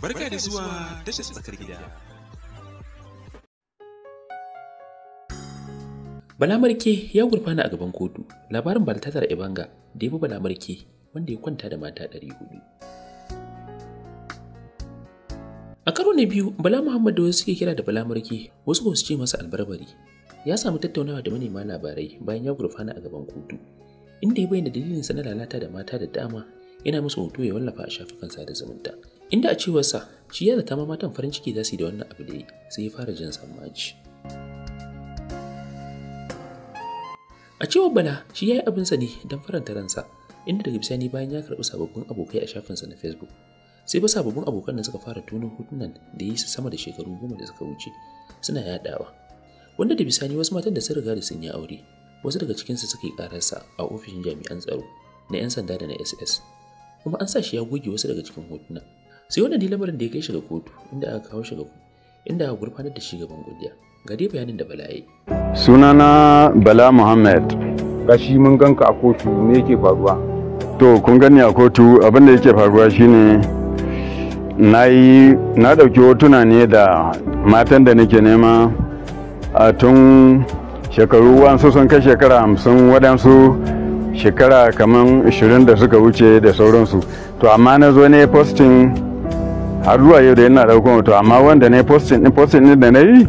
Barka da zuwa tashar tsakar gida. Balamarke ya gurfana a gaban kotu, labarin Baltazar Ibanga da ya bi Balamarke wanda ya kwanta da mata 400. A karo na biyu, Bala Muhammad da wasu suke kira da Bala Marke wasu ba su ce masa albarbari. Ya samu tattaunawa da manema labarai bayan ya gurfana a gaban kotu, inda ya bayyana dalilinsa na lalata da mata da dama yana musu hoto ya wallafa a shafukan sada zumunta. inda a cewarsa shi ya zata ma matan farin ciki za su yi da wannan abu da yi sai ya fara jin tsammaci a cewar bala shi ya yi abinsa ne don faranta ransa inda daga bisani bayan ya karɓi sababbin abokai a shafinsa na facebook sai ba sababbin abokan da suka fara tono hotunan da ya yi su sama da shekaru goma da suka wuce suna yaɗawa wanda da bisani wasu matan da sun riga da sun yi aure wasu daga cikinsu suka yi ƙararsa a ofishin jami'an tsaro na 'yan sanda da na ss kuma an sa shi ya goge wasu daga cikin hotunan sai wannan lamarin da ya kai shi ga kotu inda aka kawo shi ga inda aka gurfanar da shi ga kungiya ga dai bayanin da bala yi sunana bala muhammad gashi mun ganka a kotu me yake faruwa to kun gani a kotu abin da yake faruwa shine na yi na ɗauki hotuna ne da matan da nake nema a tun shekaru wasu sun kai shekara hamsin waɗansu shekara kamar 20 da suka wuce da sauransu to amma na zo ne posting har zuwa yau da yana ɗaukan wato amma wanda na posting ɗin posting ɗin da na yi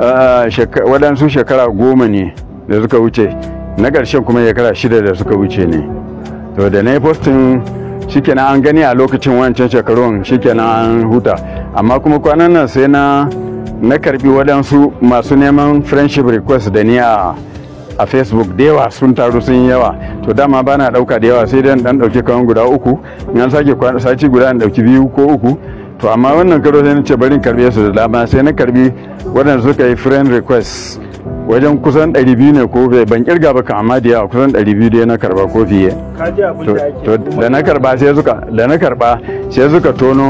ah, waɗansu shekara goma ne da suka wuce na ƙarshen kuma shekara shida da suka wuce ne to da na yi shikenan an gani a lokacin wancan shekarun shikenan an huta amma kuma kwanan nan sai na na karbi waɗansu masu neman friendship request da ni a a facebook da yawa sun taru sun yi yawa to dama bana dauka da yawa sai dai dan dauke kawan guda uku in sake sati guda in dauki biyu ko uku to amma wannan karo sai na ce barin karbe su da dama sai na karbi waɗanda suka yi friend request wajen kusan 200 ne ko bai ban kirga ba amma da yawa kusan 200 dai na karba ko fiye to da na karba sai suka da na karba sai suka tono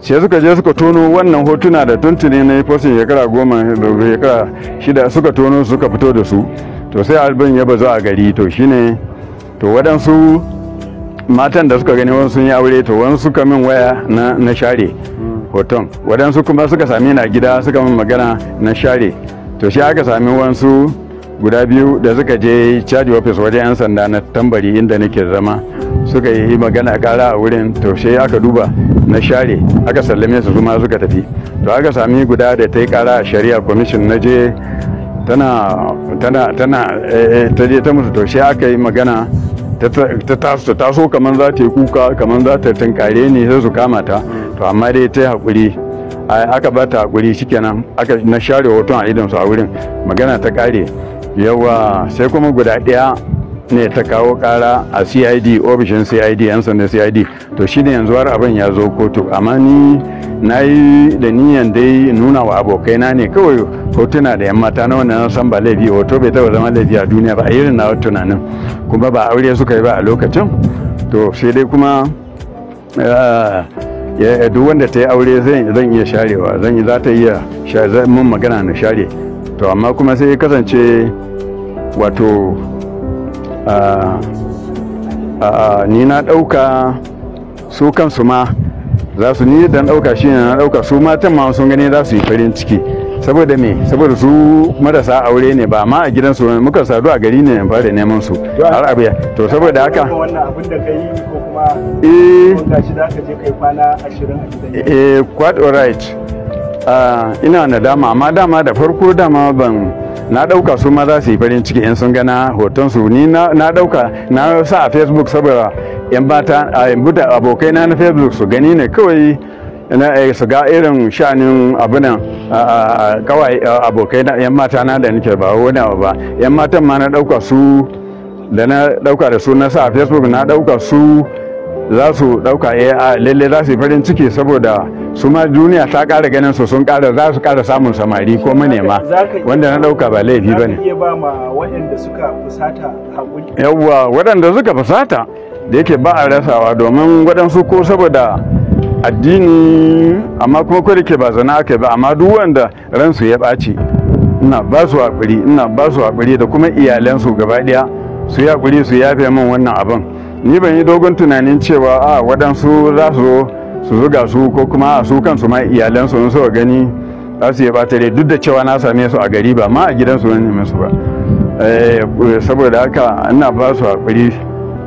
sai suka je suka tono wannan hotuna da tuntuni na fosin shekara goma shekara shida suka tono suka fito da su to sai albin ya bazu a gari to shine to waɗansu matan da suka gani wani sun yi aure to wani suka min waya na share hoton waɗansu kuma suka sami na gida suka min magana na share to shi aka sami wansu guda biyu da suka je caji ofis wajen 'yan sanda na tambari inda nake zama suka yi magana kara a wurin to sai aka duba na share aka sallame su zuma suka tafi to aka sami guda da ta yi kara a shari'a kwamishin na je tana tana tana eh, eh, ta je ta musu taushe aka yi magana ta taso taso kamar za ta yi kuka kamar za ta tunkare ne sai su kama ta to amma dai ta yi haƙuri aka ba ta haƙuri shikenan aka na share hoton a su a wurin magana ta kare yawa sai kuma guda ɗaya ne ta kawo kara a cid ofishin cid yan sanda cid to shi yanzu har abin ya zo kotu amma ni na yi da niyan dai nuna wa abokai na ne kawai hotuna da yan mata na wannan san ba laifi hoto bai taba zama laifi a duniya ba a irin na tunanin kuma ba aure suka yi ba a lokacin to sai dai kuma eh, duk wanda ta yi aure zan iya sharewa zan yi za ta iya mun magana na share to amma kuma sai kasance wato ni na ɗauka su kansu ma za su ni dan ɗauka shi na ɗauka su matan ma sun gani za su yi farin ciki saboda me saboda su marasa aure ne ba ma a gidansu ne muka sadu a gari ne fara neman su har ya to saboda haka eh quite alright Ah, ina nadama amma dama da farko dama ban na ɗauka su ma za su yi farin ciki in sun gana hoton su ni na ɗauka na sa a facebook saboda yan mata a buta abokai na na facebook su gani ne kawai na eh, su ga irin sha'anin abunan kawai abokai na yan mata na da nake ba wani abu ba yan matan ma na ɗauka su da na ɗauka da su na sa a facebook na ɗauka su za su ɗauka eh, a lalle za su yi farin ciki saboda su ma duniya ta kara ganin su sun ƙara za su ƙara samun samari ko manema wanda na ɗauka ba laifi ba ne yawwa waɗanda suka fusata da yake ba a rasawa domin waɗansu ko saboda addini amma kuma ko ke ba zana ake ba amma duk wanda ransu ya ɓaci ina ba su haƙuri ina ba su haƙuri da kuma iyalansu gaba ɗaya su yi haƙuri su yafe min wannan abin ni ban yi dogon tunanin cewa a waɗansu za su zo su zuga su ko kuma a su kansu ma iyalansu in suka gani za su yi ba dai duk da cewa na same su a gari ba ma a gidansu na neme su ba eh, saboda haka ina ba su haƙuri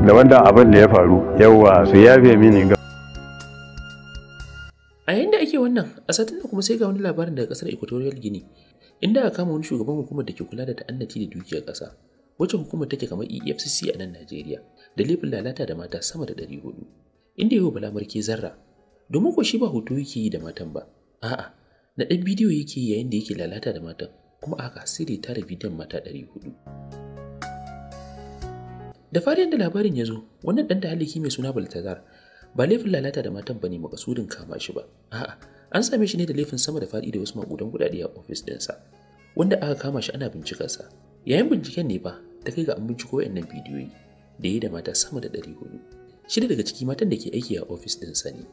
da wanda abin da ya faru yawa su yafe mini ga a yayin da ake wannan a satin da kuma sai ga wani labarin daga kasar equatorial guinea inda aka kama wani shugaban hukumar da ke kula da ta'annati da dukiyar kasa wacce hukumar take kamar efcc a nan najeriya da laifin lalata da mata sama da 400 inda yau bala marke zarra domin ko shi ba hoto yake yi da matan ba a'a na ɗan bidiyo yake yi yayin da yake lalata da matan kuma aka sai da tara bidiyon mata 400 da fari da labarin ya zo wannan ɗan taliki mai suna baltazar ba laifin lalata da matan ba ne makasudin kama shi ba a'a an same shi ne da laifin sama da faɗi da wasu maƙudan kuɗaɗe a ofis ɗinsa wanda aka kama shi ana bincikarsa yayin binciken ne ba ta kai ga an binciko wayannan bidiyoyi da ya da mata sama da 400 shida daga ciki matan da ke aiki a ofis ɗinsa ne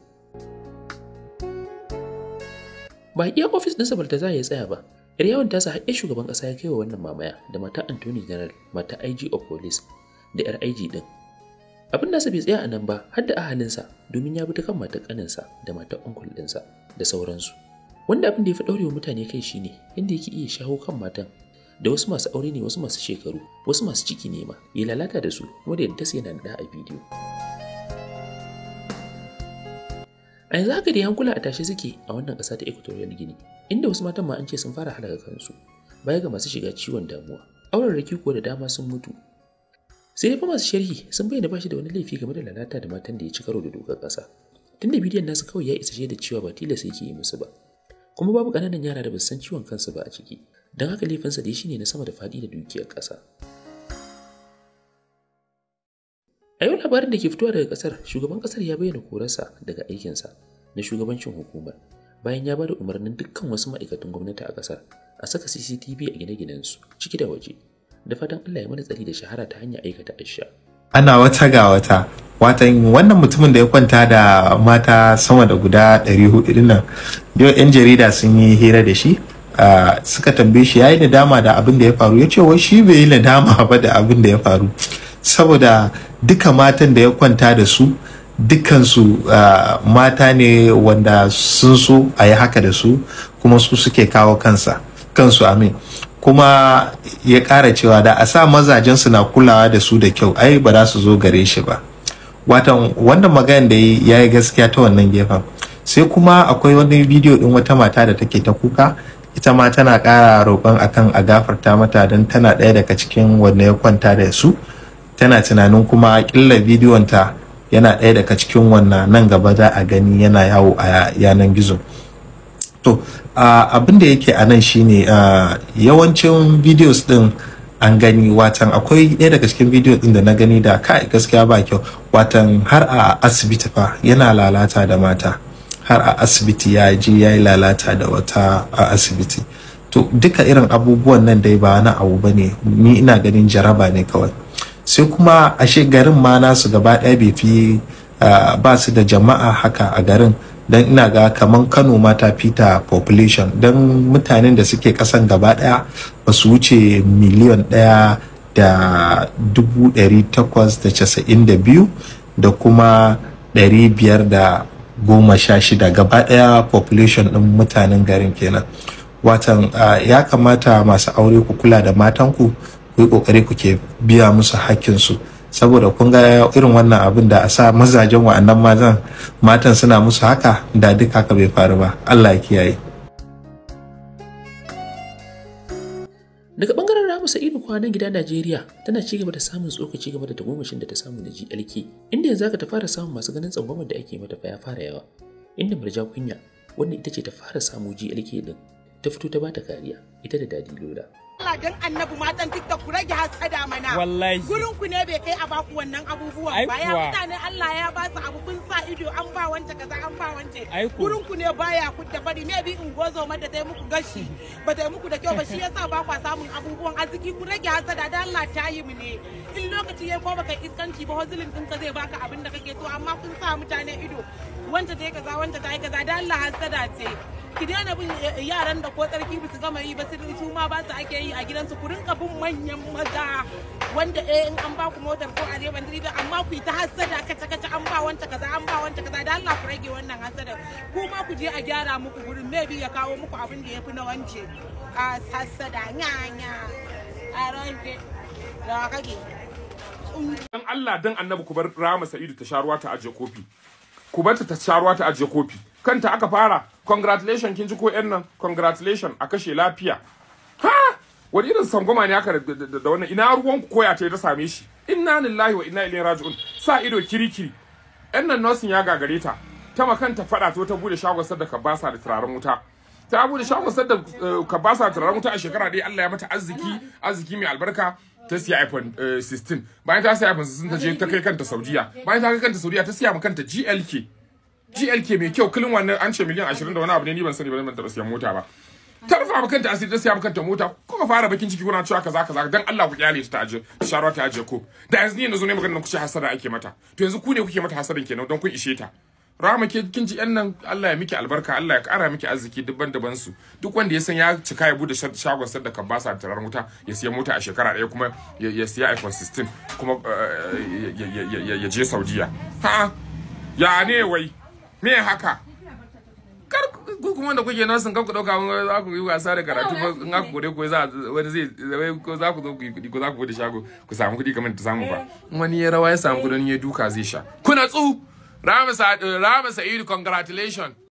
ba iya ofis ɗinsa Baltazar ya tsaya ba. Riyawan sa haɗe shugaban ƙasa ya kai wa wannan mamaya da mata Antony General, mata IG of Police da 'yar IG ɗin. Abin nasa bai tsaya a nan ba har da ahalinsa domin ya bi ta kan matar ƙaninsa da mata uncle ɗinsa da sauransu. Wanda abin da ya fi ɗaurewa mutane kai shi ne, inda yake iya shawo kan matan da wasu masu aure ne wasu masu shekaru wasu masu ciki ne ma ya lalata da su kuma da yadda su yana da a bidiyo. A yanzu haka dai hankula a tashe suke a wannan ƙasa ta Equatorial Guinea, inda wasu matan ma an ce sun fara halaka kansu, baya ga masu shiga ciwon damuwa. Auren raki kuwa da dama sun mutu. Sai dai masu sharhi sun bayyana ba shi da wani laifi game da lalata da matan da ya ci karo da dokar ƙasa. Tunda bidiyon nasu kawai ya isa da cewa ba tilas yake yi musu ba. Kuma babu ƙananan yara da ba san ciwon kansu ba a ciki. Don haka laifinsa dai ne na sama da faɗi da dukiyar ƙasa. labarin da ke fitowa daga kasar shugaban kasar ya bayyana korarsa daga aikinsa na shugabancin hukumar bayan ya bada umarnin dukkan wasu ma'aikatan gwamnati a kasar a saka CCTV a gine-ginensu ciki da waje da fatan Allah ya mana tsari da shahara ta hanyar aikata asha. Ana wata ga wata watan wannan mutumin da ya kwanta da mata sama da guda 400 nan yau 'yan jarida sun yi hira da shi suka tambaye shi ya yi nadama da abin da ya faru ya ce wai shi bai yi nadama ba da abin da ya faru saboda duka matan da ya kwanta da su dukansu uh, mata ne wanda sun so a yi haka da su kuma su suke kawo kansa kansu amin kuma ya ƙara cewa da a sa mazajensu na kulawa da su da kyau ai ba za su zo gare shi ba watan wanda magayan da ya yi gaskiya ta wannan gefen sai kuma akwai wani bidiyo din wata mata da take ta kuka ita ma tana ƙara roƙon akan a gafarta mata don tana ɗaya daga cikin wanda ya kwanta da su tana tunanin kuma bidiyon ta yana ɗaya daga cikin wannan nan gaba za a gani yana yawo a yanan gizo to abin da yake a nan shine yawancin videos din an gani watan akwai ɗaya daga cikin bidiyo din da na gani da kai gaskiya ba kyau watan har a asibiti fa yana lalata da mata har a asibiti ya ji ya yi lalata da wata a asibiti to duka irin abubuwan nan dai ba na abu ba ne ni ina ganin jaraba ne kawai sai kuma ashe garin ma nasu gaba ɗaya bai fi ba su da jama'a haka a garin don ina ga kaman kano mata fita population don mutanen da suke kasan gaba ɗaya ba su wuce miliyan ɗaya da dubu ɗari takwas da casa'in da biyu da kuma ɗari biyar da goma sha shida gaba ɗaya population ɗin mutanen garin kenan watan ya kamata masu aure ku kula da matanku ku yi kokari ku ke biya musu hakkinsu saboda kun ga irin wannan abin da a sa mazajen wa'annan mazan matan suna musu haka da duk haka bai faru ba Allah ya kiyaye daga bangaren ramu sa'idu kwanan gida najeriya tana ci gaba da samun tsokaci game da tagomashin da ta samu da glk inda yanzu aka ta fara samun masu ganin tsangwamar da ake mata ya fara yawa inda murja kunya wanda ita ce ta fara samu glk din ta fito ta bata kariya ita da dadi lola Allah dan annabi matan TikTok ku rage hasada mana. Wallahi. Gurin ku ne bai kai a baku wannan abubuwan ba. Ya mutane Allah ya ba su abu kun sa ido an ba wance kaza an ba wance. Gurin ku ne baya ku da bari me bi in gozo mata dai muku gashi. Ba dai muku da kyau ba shi yasa ba kwa samun abubuwan arziki ku rage hasada dan Allah ta yi mu ne. In lokaci ya ko baka iskanci ba hozulin din ka zai baka abin da kake so amma kun sa mutane ido. Wanta dai kaza wanta ta yi kaza dan Allah hasada ce. ki daina bin eh, eh, yaran da ko tsarki ba su gama yi ba su ma ba su ake yi a gidansu ku rinka bin manyan maza wanda eh in an ba ku motar ko areban direba amma ku yi ta hasada kaca kaca an ba wanta kaza an ba wanta kaza da Allah ku rage wannan hasada ku ma ku je a gyara muku gurin maybe ya kawo muku abin da yafi na wance a hasada nya a rande da kake dan Allah dan annabi ku bar Rama Sa'idu ta sharuwa ta aje kofi ku bar ta ta sharuwa ta aje kofi kanta aka fara congratulation kin ji ko yan nan congratulation a kashe lafiya ha wani irin sangoma ne aka da wannan ina ruwan koya ta ta same shi inna lillahi wa inna ilaihi raji'un sa ido kirikiri yan nan nursing ya gagare ta ta makanta fada to ta bude shagon sadaka basa da turaren wuta ta bude shagon sadaka eh, kabasa da turaren wuta a shekara dai Allah ya mata arziki arziki mai albarka ta siya iPhone 16 eh, bayan ta siya iPhone 16 ta je ta kai kanta Saudiya bayan ta kai kanta Saudiya ta siya ma kanta GLK GLK mai kyau kullun wannan an ce miliyan 20 da wani abu ne ni ban sani ba ban taba siyan mota ba ta rufa ba kanta asiri ta siya ba kanta mota kuma fara bakin ciki kuna cewa kaza kaza dan Allah ku kyale ta aje sharwa ta aje ko da yanzu ne nazo ne maganar ku ce hasara ake mata to yanzu ku ne kuke mata hasarin kenan don kun ishe ta rama ke kin ji yan nan Allah ya miki albarka Allah ya kara miki arziki dubban daban su duk wanda ya san ya cika ya bude shagon sadda kan basa tarar wuta ya siya mota a shekara daya kuma ya siya iPhone 16 kuma eh, ya je Saudiya ha ya ne wai me haka kar kuma da kuke nan sun ku dauka za ku wasa da karatu ba in aka ko za wani zai ko ku bude shago ku samu kudi kamar ta samu ba wani ya rawa ya samu kudin ya duka zai sha kuna tsu Rama Sa'idu congratulations